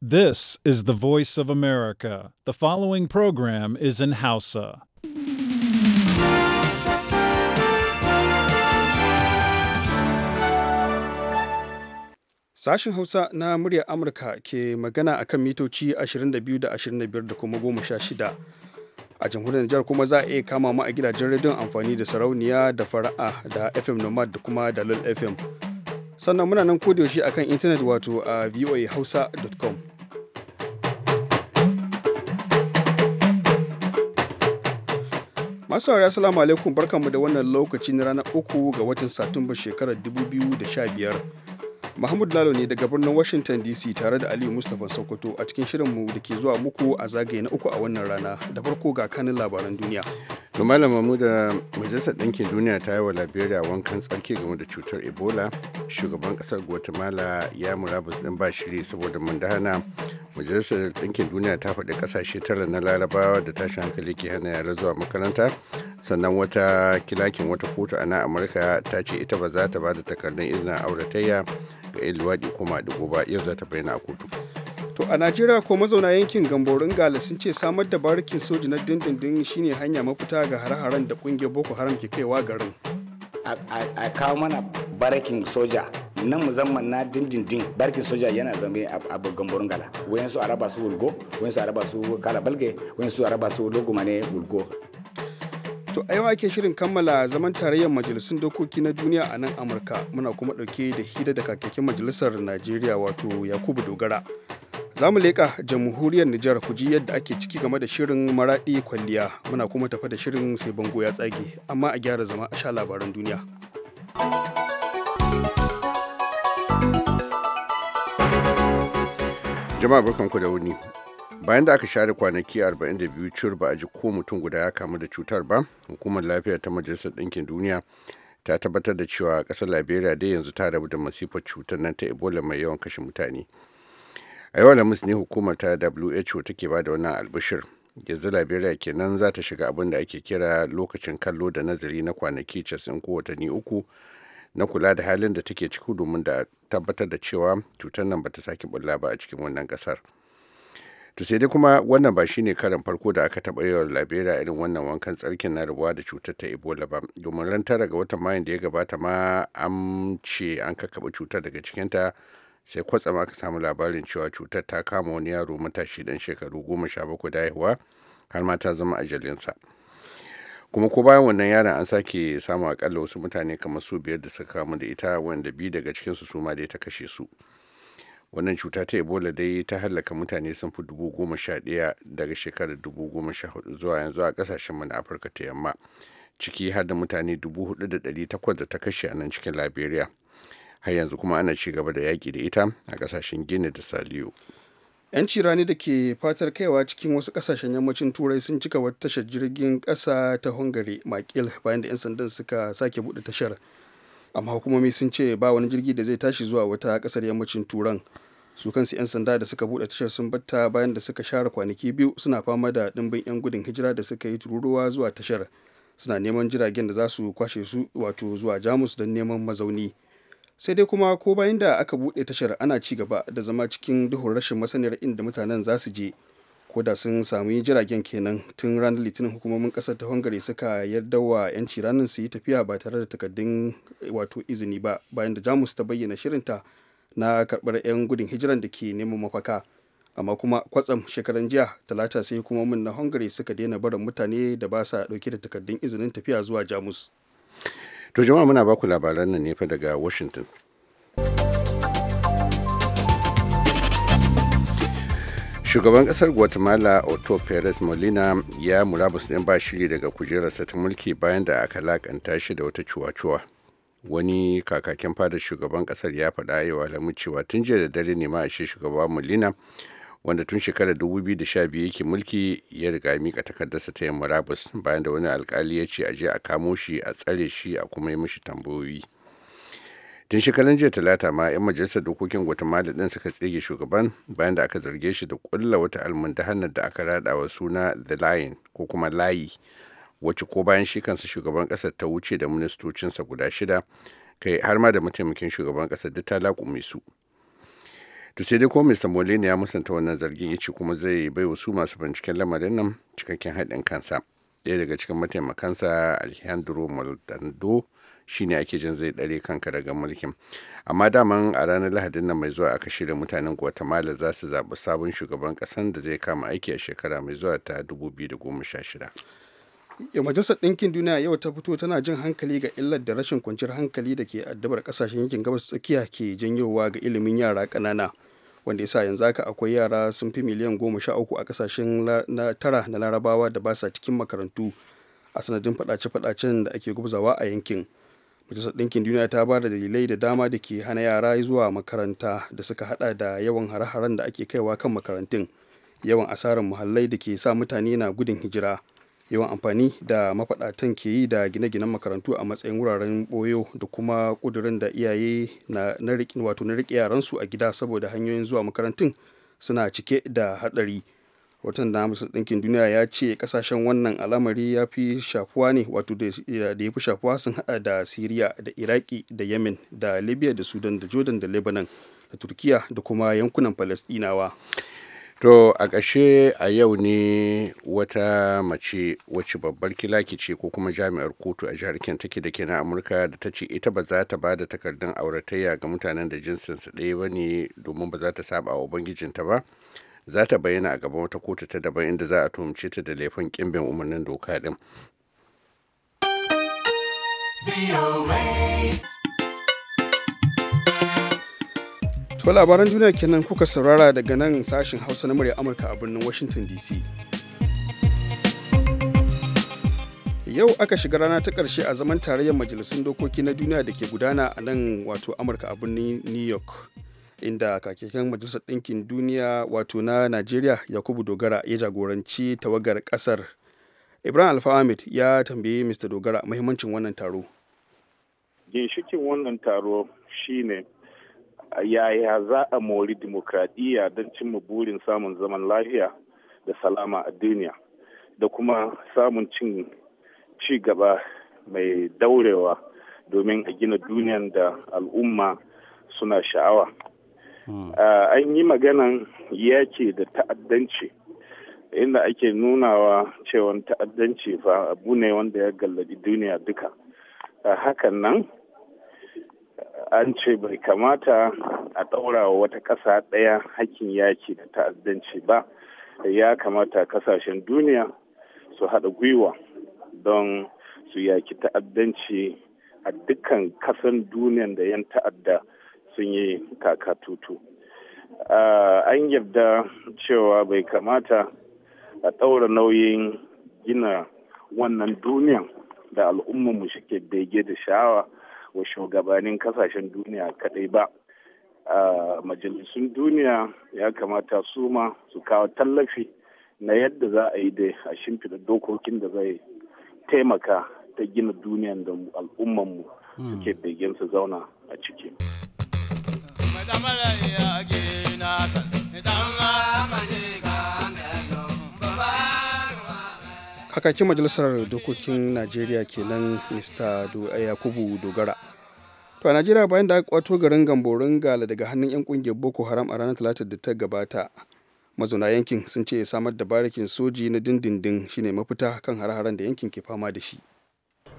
This is the voice of America. The following program is in Hausa. Sashen Hausa na muryar Amurka ke magana a kan mitoci 22 da 25 da kuma 16. a jamhuriyar Nijar kuma za a iya kama mu a gidajen rediyon amfani da sarauniya da fara'a da FM Nomad da kuma Dalol FM. sannan muna nan a kan intanet wato a voahausa.com masu saurari assalamu alaikum barkanmu da wannan lokaci na ranar uku ga watan satumba shekarar 2015 Mahmud Lalo ne daga birnin Washington DC tare da Aliyu Mustapha Sokoto a cikin shirin mu da ke zuwa muku a zagaye na uku a wannan rana da farko ga kanin labaran duniya. To Malam da eh, Majalisar Ɗinkin Duniya ta yi wa Liberia wankan tsarki game da cutar Ebola. Shugaban ƙasar Guatemala ya murabus ɗin ba shiri saboda mundana. Majalisar Ɗinkin Duniya ta faɗi ƙasashe tara na larabawa da tashin hankali ke hana yara zuwa makaranta. Sannan wata kilakin wata kotu a nan Amurka ta ce ita ba za ta ba da takardun izinin auratayya ga 'yan luwaɗi kuma maɗigo ba yau za ta bayyana a kotu. To a Najeriya ko mazauna yankin Gamborin Gala sun ce samar da barikin soji na dindindin shine hanya mafita ga hare-haren da kungiyar Boko Haram ke kaiwa garin. A kawo mana barikin soja na musamman na dindindin barkin soja yana zama a Gamborin Gala. Wayansu a raba su wulgo, wayansu a raba su kala balge, wayansu a raba su logoma ne wulgo. To a yau ake shirin kammala zaman tarayyar majalisun dokoki na duniya a nan Amurka muna kuma ɗauke da hira da kakakin majalisar Najeriya wato Yakubu Dogara. Za mu leƙa jamhuriyar Nijar ku ji yadda ake ciki game da shirin maraɗi kwalliya muna kuma tafa da shirin sai bango ya tsage amma a gyara zama a sha labaran duniya. Jama'a barkanku da wuni. bayan da aka share kwanaki 42 cur ba a ji ko mutum guda ya kamu da cutar ba hukumar lafiya ta majalisar ɗinkin duniya ta tabbatar da cewa ƙasar liberia dai yanzu ta rabu da masifar cutar nan ta ebola mai yawan kashe mutane a yau alhamis ne hukumar ta who take ba da wannan albishir yanzu liberia kenan za ta shiga abin da ake kira lokacin kallo da nazari na kwanaki 90 ko watanni uku na kula da halin da take ciki domin da tabbatar da cewa cutar nan ba ta sake bulla ba a cikin wannan ƙasar. to sai dai kuma wannan ba shine karin farko da aka taɓa yawan labera irin wannan wankan tsarkin na rabuwa da cutar ta ebola ba domin ran tara ga watan mayan da ya gabata ma an ce an kakkaɓa cutar daga cikinta sai kwatsam aka samu labarin cewa cutar ta kama wani yaro matashi dan shekaru goma sha bakwai da haihuwa har ma ta zama ajalinsa kuma ko bayan wannan yaron an sake samu akalla wasu mutane kamar su biyar da suka kamu da ita wanda biyu daga cikinsu su ma dai ta kashe su wannan cuta ta ebola dai ta hallaka mutane sun fi dubu goma sha ɗaya daga shekarar dubu goma sha hudu zuwa yanzu a ƙasashen mu na afirka ta yamma ciki har da mutane dubu hudu da ɗari takwas da ta kashe a nan cikin liberia har yanzu kuma ana ci gaba da yaƙi da ita a ƙasashen gini da saliyo 'yanci rani da ke fatar kaiwa cikin wasu ƙasashen yammacin turai sun cika wata tashar jirgin ƙasa ta hungary makil bayan da 'yan sandan suka sake buɗe tashar amma hukumomi sun ce ba wani jirgi da zai tashi zuwa wata kasar yammacin turan su kansu 'yan sanda da suka bude tashar sun batta bayan da suka share kwanaki biyu suna fama da dimbin 'yan gudun hijira da suka yi tururuwa zuwa tashar suna neman jiragen da za su kwashe su wato zuwa jamus don neman mazauni sai dai kuma ko bayan da aka bude tashar ana ci gaba da zama cikin duhun rashin masaniyar inda mutanen za su je koda sun sami jiragen kenan tun ranar litinin hukumomin kasar ta hungary suka yarda wa 'yanci ranar su yi tafiya ba tare da takardun wato izini ba bayan da jamus ta bayyana shirinta na karbar 'yan gudun hijiran da ke neman mafaka amma kuma kwatsam shekaran jiya talata sai hukumomin na hungary suka daina barin mutane da ba sa dauke da takardun izinin tafiya zuwa jamus to jama'a muna baku labaran nan ne fa daga washington shugaban kasar guatemala otto perez molina ya murabus ɗin ba shiri daga kujerarsa ta mulki bayan da aka lakanta shi da wata cuwa-cuwa wani kakakin fadar shugaban kasar ya faɗa yau alamun cewa tun jiya da dare ne ma a shugaba molina wanda tun shekarar biyu yake mulki ya riga mika takardarsa ta yin murabus bayan da wani alkali ya ce a je a kamo shi a tsare shi a kuma yi mishi tambayoyi tun shekaran jiya talata ma 'yan majalisar dokokin guatemala din suka tsige shugaban bayan da aka zarge shi da kulla wata almundahanar da aka radawa suna the lion ko kuma layi wacce ko bayan shi kansa shugaban kasar ta wuce da ministocinsa guda shida kai har ma da mataimakin shugaban kasar duk ta laƙume su to sai dai ko mr molina ya musanta wannan zargin ya kuma zai bai wa su masu binciken lamarin nan cikakken haɗin kansa ɗaya daga cikin mataimakansa alejandro maldonado shine ake jin zai dare kanka daga mulkin amma daman a ranar lahadin nan mai zuwa aka shirya mutanen guatemala za su zaɓi sabon shugaban ƙasar da zai kama aiki a shekara mai zuwa ta 2016 ya majalisar ɗinkin duniya yau ta fito tana jin hankali ga illar da rashin kwanciyar hankali da ke addabar ƙasashen yankin gabas tsakiya ke janyowa ga ilimin yara ƙanana wanda yasa yanzu haka akwai yara sun fi miliyan goma sha uku a ƙasashen na tara na larabawa da ba sa cikin makarantu a sanadin faɗace-faɗacen da ake gubzawa a yankin majalisar ɗinkin duniya ta ba da dalilai da dama da ke hana yara zuwa makaranta da suka hada da yawan hare-haren da ake kaiwa kan makarantun yawan asarar muhallai da ke sa mutane na gudun hijira yawan amfani da mafaɗatan ke yi da gine-ginen makarantu a matsayin wuraren ɓoyo da kuma ƙudurin da iyaye na wato na riƙe yaransu a gida saboda hanyoyin zuwa makarantun suna cike da haɗari. watan da hamsin ɗinkin duniya ya ce kasashen wannan al'amari ya fi shafuwa ne wato da eh, ya fi shafuwa sun hada da siriya da iraki da yemen da libya da sudan da jordan da lebanon da turkiya da kuma yankunan palestinawa to a ƙashe a yau ne wata mace wacce babbar kilaki ce ko kuma jami'ar kotu a jihar kentucky da ke na amurka da ta ce ita ba za ta ba da takardun auratayya ga mutanen da jinsinsu ɗaya ba ne domin ba za ta saba wa ubangijinta ba za ta bayyana a gaban wata kotu ta daban inda za a tuhumce ta da laifin kimbin umarnin doka din. To labaran duniya kenan kuka saurara daga nan sashen Hausa na murya Amurka a birnin Washington DC. Yau aka shiga rana ta ƙarshe a zaman tarayyar majalisun dokoki na duniya da ke gudana a nan wato Amurka a birnin New York. inda kakakin majalisar ɗinkin duniya wato na najeriya yakubu dogara ya jagoranci tawagar ƙasar ibrahim alfa ya tambayi mr dogara muhimmancin wannan taro ginshikin wannan taro shine yaya za a mori dimokuraɗiyya don cimma burin samun zaman lafiya da salama a duniya da kuma samun cin ci gaba mai daurewa domin a gina duniyan da al'umma suna sha'awa Ah, hmm. an yi maganan yaki da ta'addanci inda ake nunawa cewa ta'addanci fa abu ne wanda ya gallabi duniya duka ah, hakan nan an ce bai kamata a ɗaura wa wata ƙasa ɗaya hakkin yaki da ta'addanci ba ya kamata ƙasashen duniya su haɗa gwiwa don su yaki ta'addanci a dukkan kasan duniyan da yan ta'adda sun yi kakatutu an yarda cewa bai kamata a ɗaura nauyin gina wannan duniyan da al'ummarmu suke bege da sha'awa wa shugabannin kasashen duniya kaɗai ba majalisun duniya ya kamata su ma su kawo tallafi na yadda za a yi da a shimfiɗa dokokin da zai taimaka ta gina duniyan da al'ummanmu hmm. suke begen su zauna a ciki. kakakin majalisar dokokin najeriya kenan mr eh, yakubu dogara to a najeriya bayan da aka kwato garin gamborin gala daga hannun 'yan kungiyar boko haram a ranar talatar da ta gabata mazauna yankin sun ce samar da barikin soji na dindindin shine mafita kan hare-haren da yankin ke fama da shi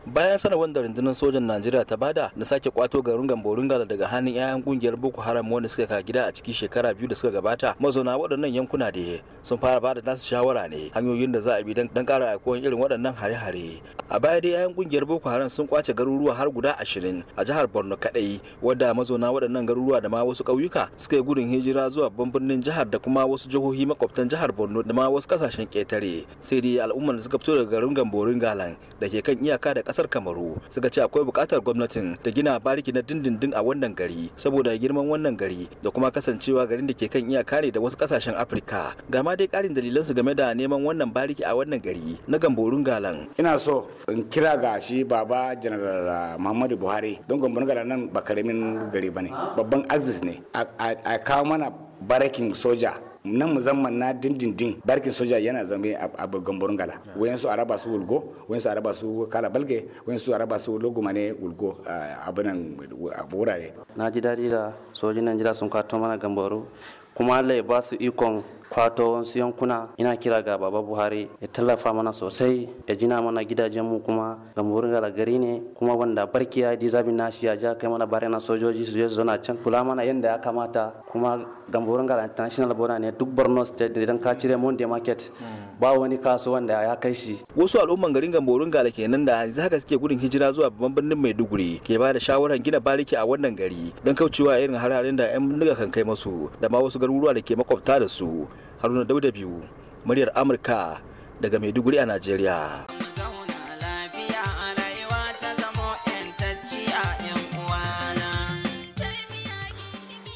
bayan sanarwar da rundunar sojan najeriya ta bada na sake kwato garin gamborungala daga hannun 'ya'yan kungiyar boko haram wanda suka ka gida a cikin shekara biyu da suka gabata mazauna waɗannan yankuna da sun fara bada nasu shawara ne hanyoyin da za a bi don ƙara aikuwan irin waɗannan hare-hare a baya dai 'ya'yan kungiyar boko haram sun kwace garuruwa har guda ashirin a jihar borno kaɗai wadda mazauna waɗannan garuruwa da ma wasu ƙauyuka suka yi gudun hijira zuwa babban jihar da kuma wasu jihohi makwabtan jihar borno da ma wasu ƙasashen ƙetare sai dai al'ummar da suka fito daga garin gamborungalan da ke kan iyaka da kasar kamaru suka ce akwai bukatar gwamnatin ta gina bariki na dindindin a wannan gari saboda girman wannan gari da kuma kasancewa garin da ke kan iyaka ne da wasu kasashen afirka gama dai karin dalilan su game da neman wannan bariki a wannan gari na gamborun galan ina so in kira ga shi baba general uh, muhammadu buhari don gamborun galan nan ba karamin gari ba ne babban axis ne a kawo mana barakin soja na musamman na dindindin barkin soja yana zama a gambarin gala wayansu a raba su wulgo wayansu a raba su kala balge wayansu a raba su ne wulgo abinan wurare na ji daɗi da sojin najeriya sun kwato mana gambaru kuma allah ya ba su ikon kwato wasu yankuna ina kira ga baba buhari ya tallafa mana sosai ya jina mana gidajen mu kuma gamburin gala gari ne kuma wanda barki ya di zabi nashi ya ja kai mana bare na sojoji su zo na can kula mana yadda ya kamata kuma gara international bona ne duk borno state dan ka cire monday market hmm. ba wani kasuwan da ya kai shi wasu al'umman garin gamborin gala kenan da yanzu haka suke gudun hijira zuwa babban birnin maiduguri ke ba da shawarar gina bariki a wannan gari don kaucewa irin hararen da 'yan bindiga kan kai masu da ma wasu garuruwa da ke makwabta da su haruna dauda biyu muryar amurka daga maiduguri a najeriya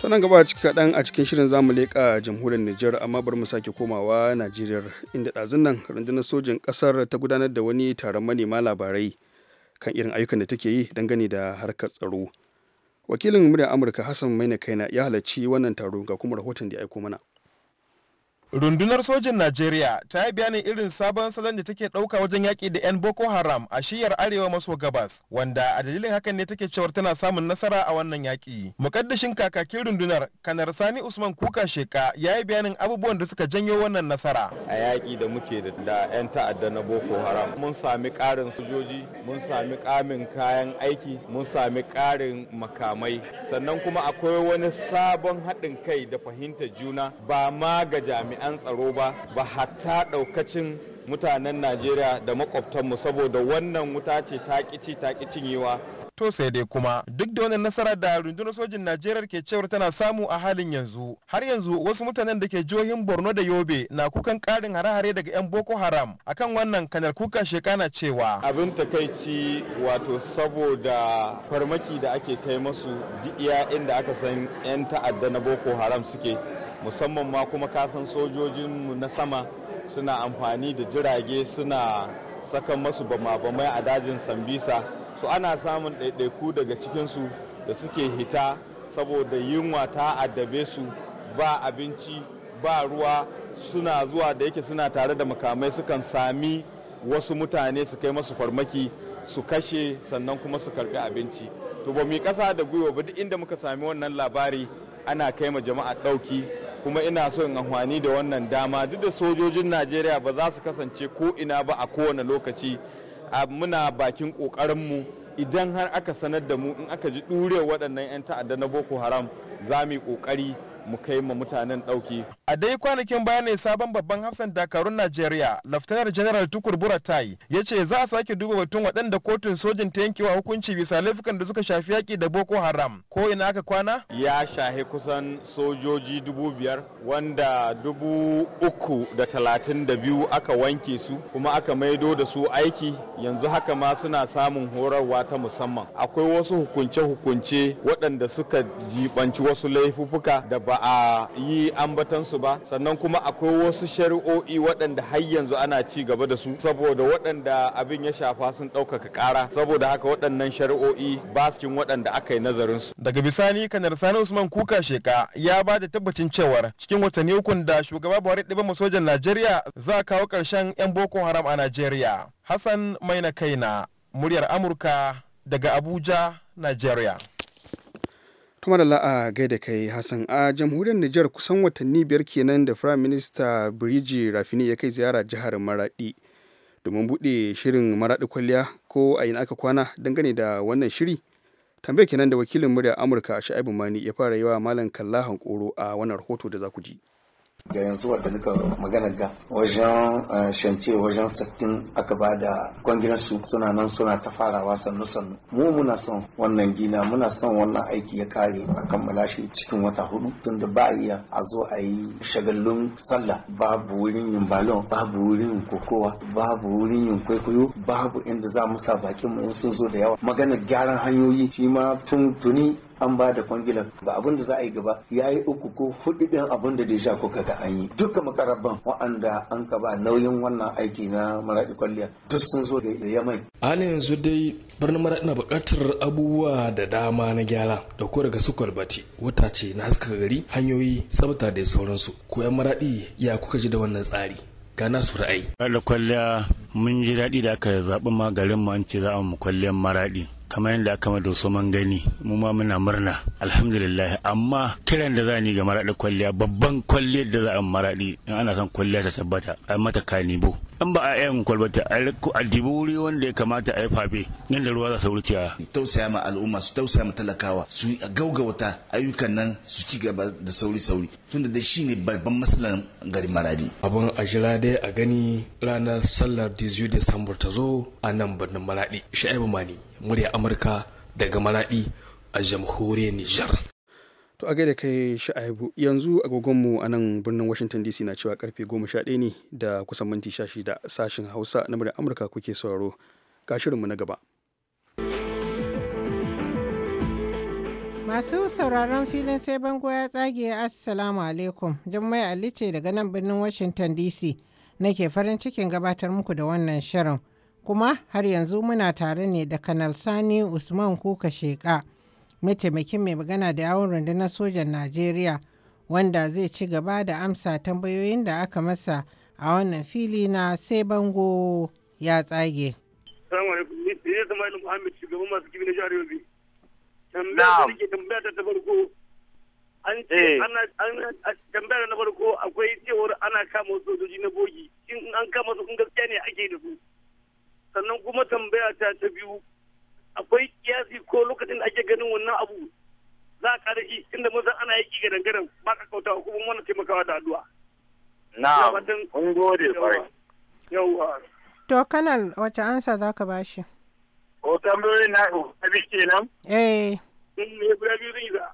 ta nan gaba kaɗan a cikin shirin zamu leƙa jamhuriyar Nijar amma bari mu sake komawa Najeriya inda ɗazun nan rundunar sojin ƙasar ta gudanar da wani taron manema labarai kan irin ayyukan da take yi dangane da harkar tsaro. Wakilin muryar Amurka Hassan Maina Kaina ya halarci wannan taro ga kuma rahoton da ya aiko mana. rundunar sojin najeriya ta yi bayanin irin sabon salon da take ɗauka wajen yaƙi da 'yan boko haram a shiyar arewa maso gabas wanda a dalilin hakan ne take cewar tana samun nasara a wannan yaƙi mukaddashin kakakin rundunar kanar sani usman kuka sheka ya yi bayanin abubuwan da suka janyo wannan nasara a yaƙi da muke da 'yan ta'adda na boko haram mun sami ƙarin sojoji mun sami ƙamin kayan aiki mun sami ƙarin makamai sannan kuma akwai wani sabon haɗin kai da fahimtar juna ba ma ga jami'a. jami'an tsaro ba ba hatta daukacin mutanen najeriya da mu saboda wannan wuta ce ta ƙici ta to sai dai kuma duk da wannan nasarar da rundunar sojin najeriya ke cewar tana samu a halin yanzu har yanzu wasu mutanen da ke jihohin borno da yobe na kukan karin hare-hare daga 'yan boko haram akan wannan kanar kuka shekana cewa abin takaici wato saboda farmaki da ake kai masu duk iya inda aka san 'yan ta'adda na boko haram suke musamman ma kuma kasan sojojinmu na sama suna amfani da jirage suna sakan masu bama-bamai a dajin sambisa su ana samun ɗaiɗaiku daga cikinsu da suke hita saboda yunwa ta addabe su ba abinci ba ruwa suna zuwa da yake suna tare da makamai sukan sami wasu mutane su kai masu farmaki su kashe sannan kuma su karbi abinci to ba mu yi ƙasa da gwiwa ba duk inda muka sami wannan labari ana kai ma jama'a ɗauki kuma ina so in amfani da wannan dama duk da sojojin najeriya ba za su kasance ko ina ba a kowane lokaci muna bakin mu idan har aka sanar da mu in aka ji ɗure waɗannan 'yan ta'adda na boko haram za mu yi ƙoƙari mu kai ma mutanen ɗauki. A dai kwanakin baya ne sabon babban hafsan dakarun Najeriya, Laftanar General Tukur Buratai, ya ce za a sake duba batun waɗanda kotun sojin ta yankewa hukunci bisa laifukan da suka shafi yaki da Boko Haram. Ko ina aka kwana? Ya shahi kusan sojoji dubu biyar, wanda dubu uku da talatin da biyu aka wanke su, kuma aka maido da su aiki, yanzu haka ma suna samun horarwa ta musamman. Akwai wasu hukunce-hukunce waɗanda suka jibanci wasu laifuffuka da ba a yi ambatansu ba sannan kuma akwai wasu shari'o'i waɗanda har yanzu ana ci gaba da su saboda waɗanda abin ya shafa sun ɗaukaka ƙara saboda haka waɗannan shari'o'i ba su waɗanda aka yi nazarin su. Daga bisani kanar Sani Usman Kuka Sheka ya ba da tabbacin cewar cikin watanni ukun da shugaba Buhari ɗiban sojan Najeriya za a kawo ƙarshen 'yan Boko Haram a Najeriya. Hassan Maina Kaina, muryar Amurka daga Abuja, Najeriya. da la'a a gaida kai hassan a jamhuriyar nijar kusan watanni biyar kenan da firayim minista biriji rafini ya kai ziyara jihar maradi domin buɗe shirin maradi kwalliya ko a yin aka kwana dangane da wannan shiri tambaya kenan da wakilin murya amurka sha'ibu mani ya fara yi wa malam kalla hankoro a wannan rahoto da za ku ji ga yanzu wadda nuka magana ga wajen eh, shance wajen sattin aka ba da kwangilan su suna nan suna ta farawa sannu sannu mu muna son wannan gina muna son wannan aiki ya kare a kammala shi cikin wata hudu tun da ba iya a zo a yi shagallun sallah babu wurin yin balon babu wurin yin kokowa babu wurin yin kwaikwayo babu inda za mu sa bakin mu in sun zo da yawa maganar gyaran hanyoyi shi ma tun tuni an ba da kwangilan ba abin da za a yi gaba ya yi uku ko hudu ɗin abin da deja kuka ga an yi duka makarabban wa'anda an ka ba nauyin wannan aiki na maraɗi kwalliya duk sun zo da yamai. halin yanzu dai birnin maraɗi na buƙatar abubuwa da dama na gyara da ko daga su kwalbati wata ce na haska gari hanyoyi tsabta da sauransu ko yan maraɗi ya kuka ji da wannan tsari ga nasu ra'ayi. kwalliya mun ji daɗi da aka zaɓi ma garin mu an ce za a mu kwalliyar maraɗi. kamar yadda aka mada wasu man gani mu ma muna murna alhamdulillah amma kiran da za ni ga maraɗi kwalliya babban kwalliyar da za a maraɗi in ana son kwalliya ta tabbata a mata kanibo an ba a yan kwalbata a diburi wanda ya kamata a yi fabe yadda ruwa za su wuce tausaya ma al'umma su tausaya ma talakawa su gaugawata ayyukan nan su ci gaba da sauri sauri tunda da shi ne babban matsalar garin maradi abin a jira dai a gani ranar sallar 18 disambar ta zo a nan birnin maradi sha'ibu mani murya amurka daga maradi a jamhuriyar nijar To a gaida kai sha'aibu yanzu agogonmu a nan birnin Washington DC na cewa karfe ɗaya ne da kusan minti 16 sashen Hausa na muryar Amurka kuke sauraro. Ga shirinmu na gaba. Masu sauraron filin sai bango ya tsage Assalamu alaikum. Jummai Ali ce daga nan birnin Washington DC nake farin cikin gabatar muku da wannan shirin. Kuma har yanzu muna tare ne da Kanal Sani Usman Kuka Sheka. mataimakin mai magana da yawon rundunar sojan najeriya wanda zai ci gaba da amsa tambayoyin da aka masa a wannan fili na sai bango ya tsage. tambaya eh. na farko akwai cewar ana kama sojoji na bogi in an kama su in gaskiya ne ake da su sannan kuma tambaya ta ta biyu akwai kiyasi ko lokacin da ake ganin wannan abu za a kare shi inda mun san ana yaki garan garan ba ka kauta ko kuma wannan taimakawa da addu'a na kun gode kwarai yawa to kanal wace ansa za ka bashi o tambayoyin na abi kenan eh in ne guda biyu zan yi za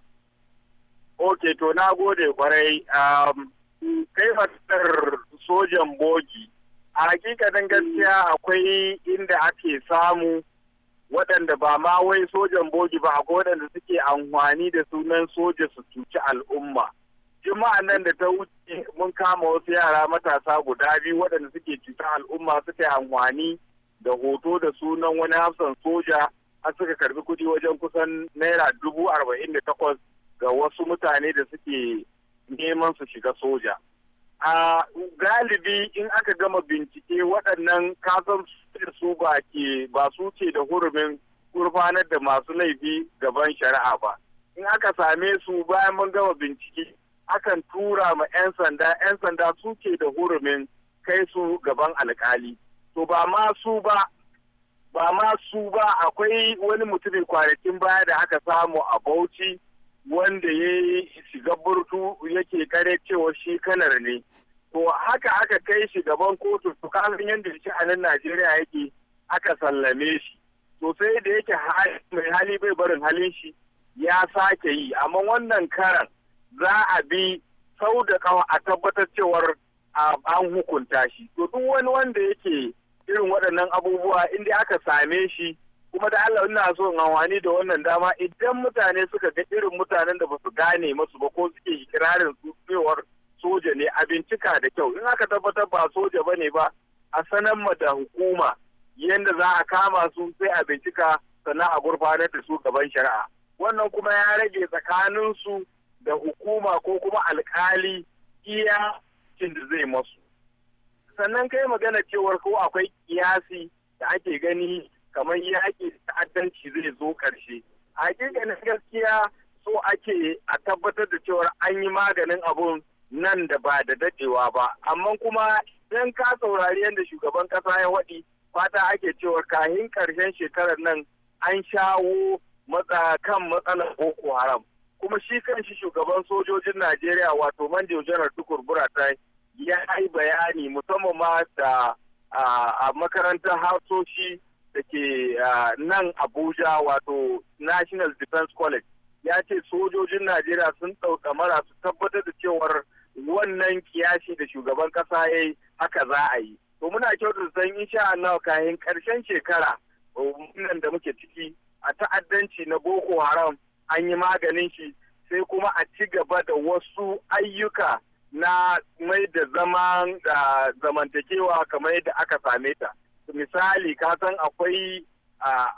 ok to na gode kwarai kai fatar sojan bogi a hakikanin gaskiya akwai inda ake samu waɗanda ba ma wai sojan bogi ba ko waɗanda suke amfani da sunan soja su cuci al'umma juma'an nan da ta wuce mun kama wasu yara matasa guda biyu waɗanda suke cuta al'umma suka yi amfani da hoto da sunan wani hafsan soja an suka karbi kuɗi wajen kusan naira dubu arba'in da takwas ga wasu mutane da suke neman su shiga soja a galibi in aka gama bincike waɗannan kasan majalisar su ba ke ba su ce da hurumin gurfanar da masu laifi gaban shari'a ba in aka same su bayan mun gama bincike akan tura ma 'yan sanda 'yan sanda su ke da hurumin kai su gaban alkali to ba ma su ba ba ma su ba akwai wani mutumin kwanakin baya da aka samu a bauchi wanda ya yi shiga burtu yake kare cewa shi kanar ne to haka aka kai shi gaban kotu to kasan yadda nan najeriya yake aka sallame shi to sai da yake mai hali bai barin halin shi ya sake yi amma wannan karan za a bi sau da kawa a tabbatar cewar an hukunta shi to duk wani wanda yake irin waɗannan abubuwa inda aka same shi kuma da Allah ina so in amfani da wannan dama idan mutane suka ga irin mutanen da basu gane masu ba ko suke ikirarin su cewar soja ne a bincika da kyau in aka tabbatar ba soja ba ba a sanar ma da hukuma yadda za a kama su sai a bincika sannan a gurfanar da su gaban shari'a wannan kuma ya rage tsakanin su da hukuma ko kuma alkali iya cin da zai masu sannan kai magana cewar ko akwai kiyasi da ake gani kamar yaƙi ta'addanci zai zo ƙarshe hakikanin gaskiya so ake a tabbatar da cewar an yi maganin abun nan da ba da dadewa ba amma kuma idan ka saurari yadda shugaban kasa ya waɗi fata ake cewa kahin karshen shekarar nan an shawo matsa kan matsalar boko haram kuma shi kanshi shugaban sojojin najeriya wato manjo janar tukur buratai ya yi bayani musamman ma da a makarantar hasoshi da ke nan abuja wato national defense college ya ce sojojin najeriya sun ɗauka mara su tabbatar da cewar wannan kiyashi da shugaban kasa ya yi haka za a yi to muna kyautar san insha Allah kayan karshen shekara nan da muke ciki a ta'addanci na boko haram an yi maganin shi sai kuma a ci gaba da wasu ayyuka na mai da zaman da zamantakewa kamar yadda aka same ta misali ka san akwai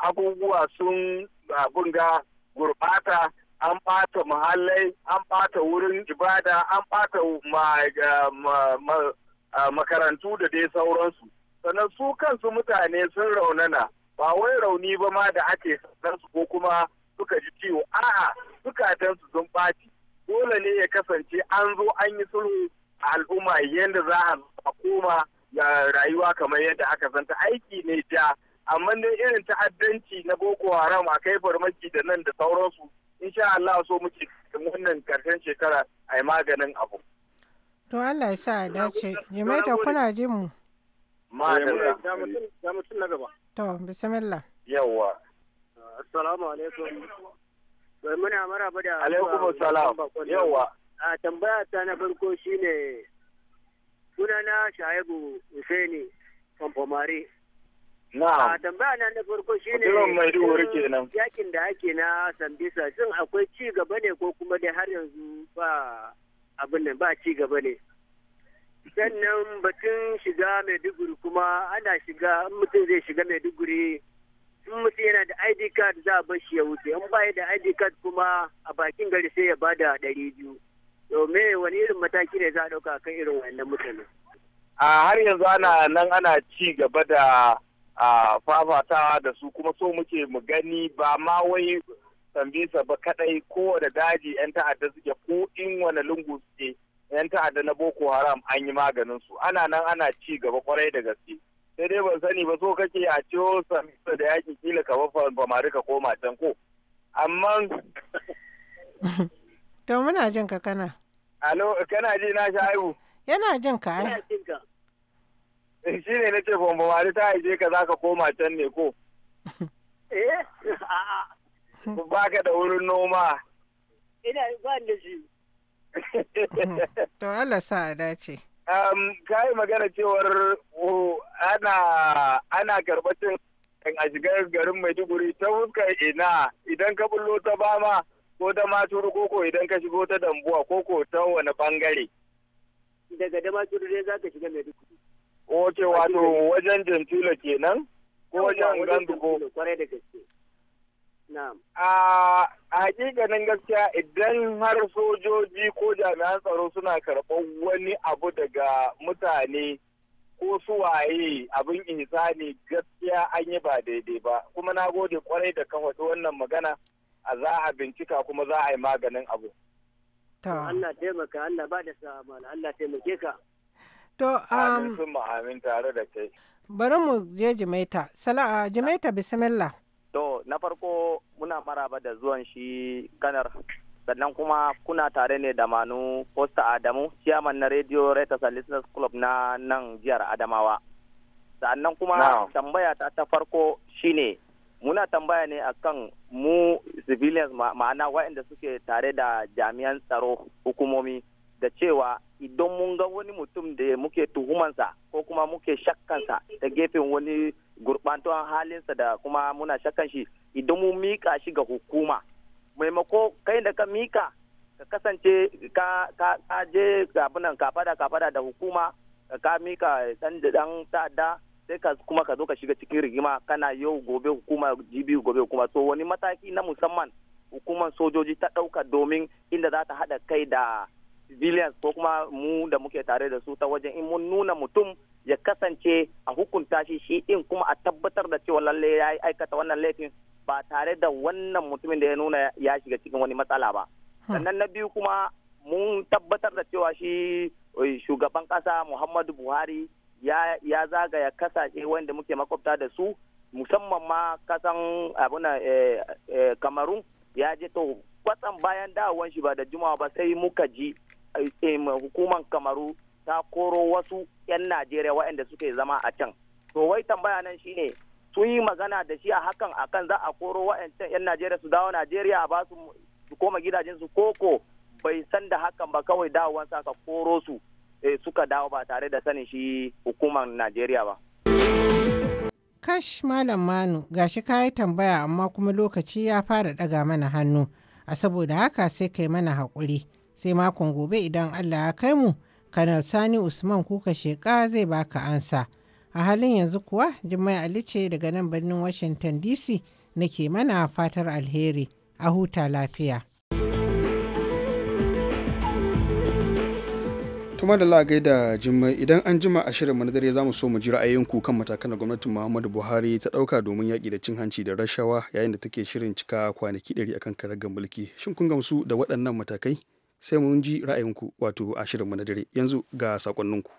abubuwa sun bunga gurbata an ɓata muhallai an ɓata wurin ibada an ɓata makarantu da dai sauransu sannan su kansu mutane sun raunana ba wai rauni ba ma da ake sanansu ko kuma suka ji ciwo a'a zukatansu sun ɓaci dole ne ya kasance an zo an yi sulhu a al'umma yadda za a koma rayuwa kamar yadda aka santa aiki ne ja amma ne irin ta'addanci na boko haram a kai farmaki da nan da sauransu insha Allah so muke wannan karshen shekara a yi maganin abu. To Allah ya sa a dace. Jimaita kuna ji mu. Madalla. Ya eh, mutum na gaba. To bismillah. Yawwa. Assalamu alaikum. Bai muna maraba da Alaikum assalam. Yawwa. A tambaya ta na farko shine sunana Shaibu Hussaini Kamfamare. tambaya na na farko shine yakin da ake na Sambisa shin akwai ci gaba ne ko kuma dai har yanzu ba abin nan ba ci gaba ne. Sannan batun shiga Maiduguri kuma ana shiga in mutum zai shiga Maiduguri in mutum yana da ID card za a bar shi ya wuce in ba da ID card kuma a bakin gari sai ya bada ɗari biyu. domin wani irin mataki ne za a ɗauka kan irin wannan mutane. A har yanzu ana nan ana ci gaba da a fafatawa da su kuma so muke mu gani ba ma wai sambisa ba kadai da daji 'yan ta'adda suke ko in wani lungu suke 'yan ta'adda na boko haram an yi maganin su ana nan ana ci gaba kwarai da gaske sai dai ban sani ba so kake a ciwo sambisa da yaki kila ka ba ma ka koma can ko amma to muna jin ka kana alo kana ji na sha'ibu yana jin ka ai Eh, shi ne na ce bombomari ta haife ka za ka koma can ne ko? Eh, ba ka da wurin noma. Ina ba da shi. To Allah sa a dace. Um, ka yi magana cewar ana ana karɓar a shigar garin Maiduguri ta fuskar ina idan ka bullo ta bama ko ta maturu koko idan ka shigo ta dambuwa koko ta wani bangare. Daga maturu dai za ka shiga Maiduguri. Oke wato wajen Jantila kenan ko wajen Ganduko. A hakikanin gaskiya idan har sojoji ko jami'an tsaro suna karɓar wani abu daga mutane ko suwaye abin isa ne gaskiya an yi ba daidai ba kuma na gode kwarai da kan wannan magana a za a bincika kuma za a yi maganin abu. Allah taimaka Allah ba da Allah taimake ka. To, um, Bari mu je Jimaita. Sala'a, Jimaita bismillah. To, na farko muna maraba da zuwan shi kanar. Sannan kuma kuna tare ne da Manu Posta Adamu, ciyaman na Radio Writers and Listeners Club na nan jihar Adamawa. Sannan kuma tambaya ta ta farko shine muna tambaya ne akan mu civilians ma'ana waɗanda suke tare da jami'an tsaro hukumomi da cewa idan mun ga wani mutum da muke tuhumansa ko kuma muke shakkansa ta gefen wani gurbantuwan halinsa da kuma muna shakkan shi idan mu mika shi ga hukuma maimako kai da ka mika ka kasance ka ka je abinan kafada kafada da hukuma ka mika dan dan ta'adda sai ka kuma ka zo ka shiga cikin rigima kana yau gobe hukuma jibi gobe hukuma so wani mataki na musamman hukumar sojoji ta ɗauka domin inda za ta haɗa kai da civilians ko kuma mu da muke tare da su ta wajen in mun nuna mutum ya kasance a hukunta shi shi din kuma a tabbatar da cewa lalle ya aikata wannan laifin ba tare da wannan mutumin da ya nuna ya shiga cikin wani matsala ba sannan na biyu kuma mun tabbatar da cewa shi eh, shugaban kasa muhammadu buhari ya, ya zagaya kasashe wanda muke makwabta da su musamman ma kasan abuna kamarun eh, eh, ya je to kwatsan bayan dawon shi ba da juma'a ba sai muka ji Eh, eh, hukuman kamaru ta koro wasu 'yan najeriya waɗanda suke zama a can to wai tambaya nan shine sun yi magana da shi a hakan akan za a koro waɗancan 'yan najeriya su dawo najeriya a ba su koma gidajensu koko bai san da hakan ba kawai sa aka koro su eh, suka dawo ba tare da sanin shi hukumar najeriya ba kash malam manu gashi kayi tambaya amma kuma lokaci ya fara daga mana hannu a saboda haka sai kai mana haƙuri. sai makon gobe idan Allah ya kai mu kanar sani usman kuka sheka zai baka ansa a halin yanzu kuwa jimai ali ce daga nan birnin washington dc nake mana fatar alheri a huta lafiya kuma da lagai da jimai idan an jima a shirin na dare za mu so mu ji ra'ayinku kan matakan da gwamnatin muhammadu buhari ta ɗauka domin yaƙi da cin hanci da rashawa yayin da take shirin cika kwanaki ɗari akan karagar mulki shin kun gamsu da waɗannan matakai sai mun ji ra'ayinku wato a shirinmu na dare yanzu ga sakonninku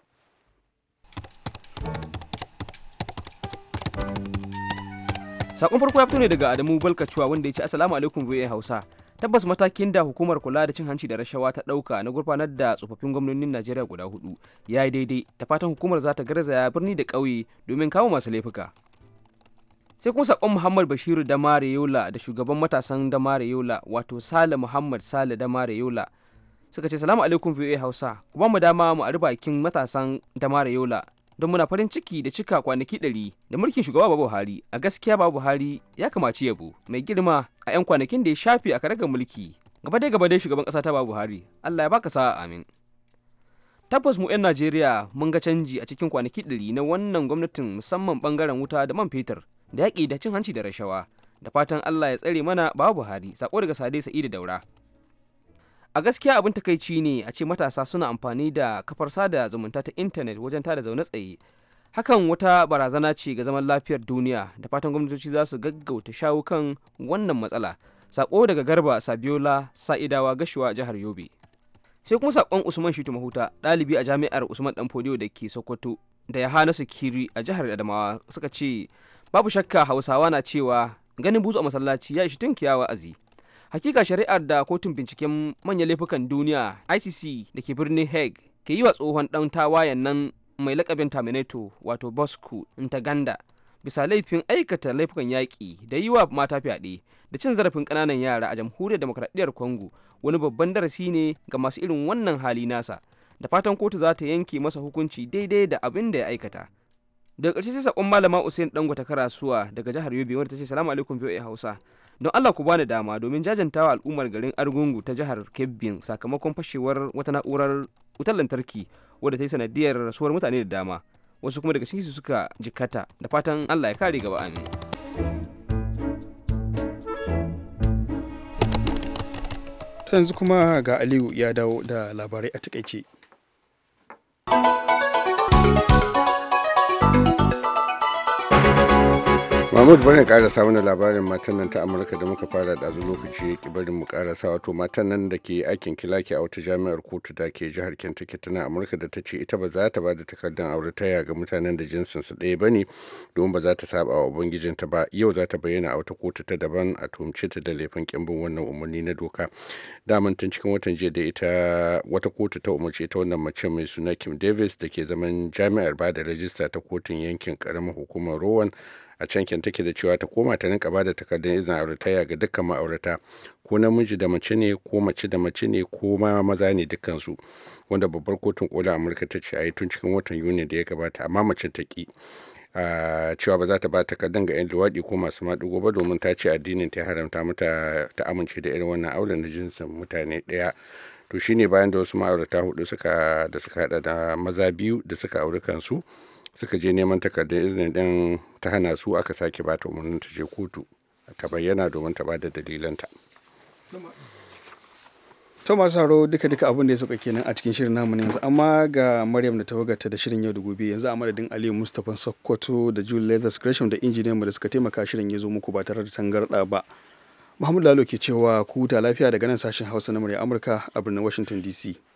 saƙon farko ya fito ne daga adamu balkacuwa wanda ya ce assalamu alaikum voa hausa tabbas matakin da hukumar kula da cin hanci da rashawa ta ɗauka na gurfanar da tsofaffin gwamnonin najeriya guda hudu ya yi daidai ta fatan hukumar za ta garzaya birni da ƙauye domin kawo masu laifuka sai kuma sakon muhammad bashiru da yola da shugaban matasan Damare yola wato sale muhammad sale da yola suka ce salamu alaikum VOA Hausa kuma mu dama mu ari bakin matasan da yola don muna farin ciki da cika kwanaki ɗari da mulkin shugaba Babu Buhari a gaskiya babu Buhari ya kamaci yabo mai girma a 'yan kwanakin da ya shafe a karagar mulki gaba dai gaba dai shugaban ƙasa ta babu Buhari Allah ya baka sa'a amin tabbas mu 'yan Najeriya mun ga canji a cikin kwanaki ɗari na wannan gwamnatin musamman bangaren wuta da man fetur da yaƙi da cin hanci da rashawa da fatan Allah ya tsare mana babu Buhari sako daga Sade Sa'idu Daura a gaskiya abin takaici ne a ce matasa suna amfani da kafar sada zumunta ta intanet wajen tada zaune tsaye hakan wata barazana ce ga zaman lafiyar duniya da fatan gwamnatoci za su gaggauta shawo kan wannan matsala sako daga garba sabiola sa'idawa gashuwa jihar yobe sai kuma sakon usman shitu mahuta ɗalibi a jami'ar usman dan fodiyo da ke sokoto da ya hana su kiri a jihar adamawa suka ce babu shakka hausawa na cewa ganin buzu a masallaci ya ishi tunkiyawa azi hakika shari'ar da kotun binciken manyan laifukan duniya icc da ke birnin hague ke yi wa tsohon dan tawayen nan mai lakabin terminator wato bosco ganda bisa laifin aikata laifukan yaƙi da yi wa mata fyaɗe da cin zarafin ƙananan yara a jamhuriyar demokradiyyar congo wani babban darasi ne ga masu irin wannan hali nasa da fatan kotu za ta yanke masa hukunci daidai da abin da ya aikata daga ƙarshe sai sakon malama usain dango karasuwa daga jihar yobe wanda ta ce salamu alaikum voa hausa don allah ku bani dama domin jajantawa al'ummar garin argungu ta jihar kebbin sakamakon fashewar wata na'urar wutar lantarki wadda ta yi sanadiyar rasuwar mutane da dama wasu kuma daga cikinsu suka jikata da fatan allah ya kare gaba amin yanzu kuma ga aliyu ya dawo da labarai a takaice mahmud barin karasa mana labarin matan nan ta amurka da muka fara ɗazu lokaci ya barin mu karasa wato matan nan da ke aikin kilaki a wata jami'ar kotu da ke jihar kentucky tana amurka da ta ce ita ba za ta ba da takardar auratayya ga mutanen da jinsin su ɗaya bane domin ba za ta saba wa ta ba yau za ta bayyana a wata kotu ta daban a tumce ta da laifin kimbin wannan umarni na doka daman tun cikin watan jiya da ita wata kotu ta umarce ta wannan mace mai suna kim davis da ke zaman jami'ar ba da rajista ta kotun yankin karamar hukumar rowan a can take da cewa ta koma ta rinka bada takardun izinin aurataya ga dukkan ma'aurata ko namiji da mace ne ko mace da mace ne ko ma maza ne dukkan wanda babbar kotun kolin Amurka ta ce a yi tun cikin watan Yuni da ya gabata amma mace ta ki a cewa ba za ta ba takardun ga 'yan luwaɗi ko masu maɗigo ba domin ta ce addinin ta haramta mata ta amince da irin wannan auren na jinsin mutane ɗaya to ne bayan da wasu ma'aurata hudu suka da suka hada da maza biyu da suka auri kansu suka je neman takardar izinin din ta hana su aka sake bata umarnin ta je kotu ta bayyana domin ta bada dalilanta to masu haro duka duka abin da ya sauka kenan a cikin shirin namu yanzu amma ga maryam da ta wagata da shirin yau da gobe yanzu a madadin aliyu mustapha sokoto da julie leathers gresham da injiniyan da suka taimaka shirin ya zo muku ba tare da tangarda ba Muhammadu Lalo ke cewa ku ta lafiya daga nan sashen Hausa na murya Amurka a birnin Washington DC.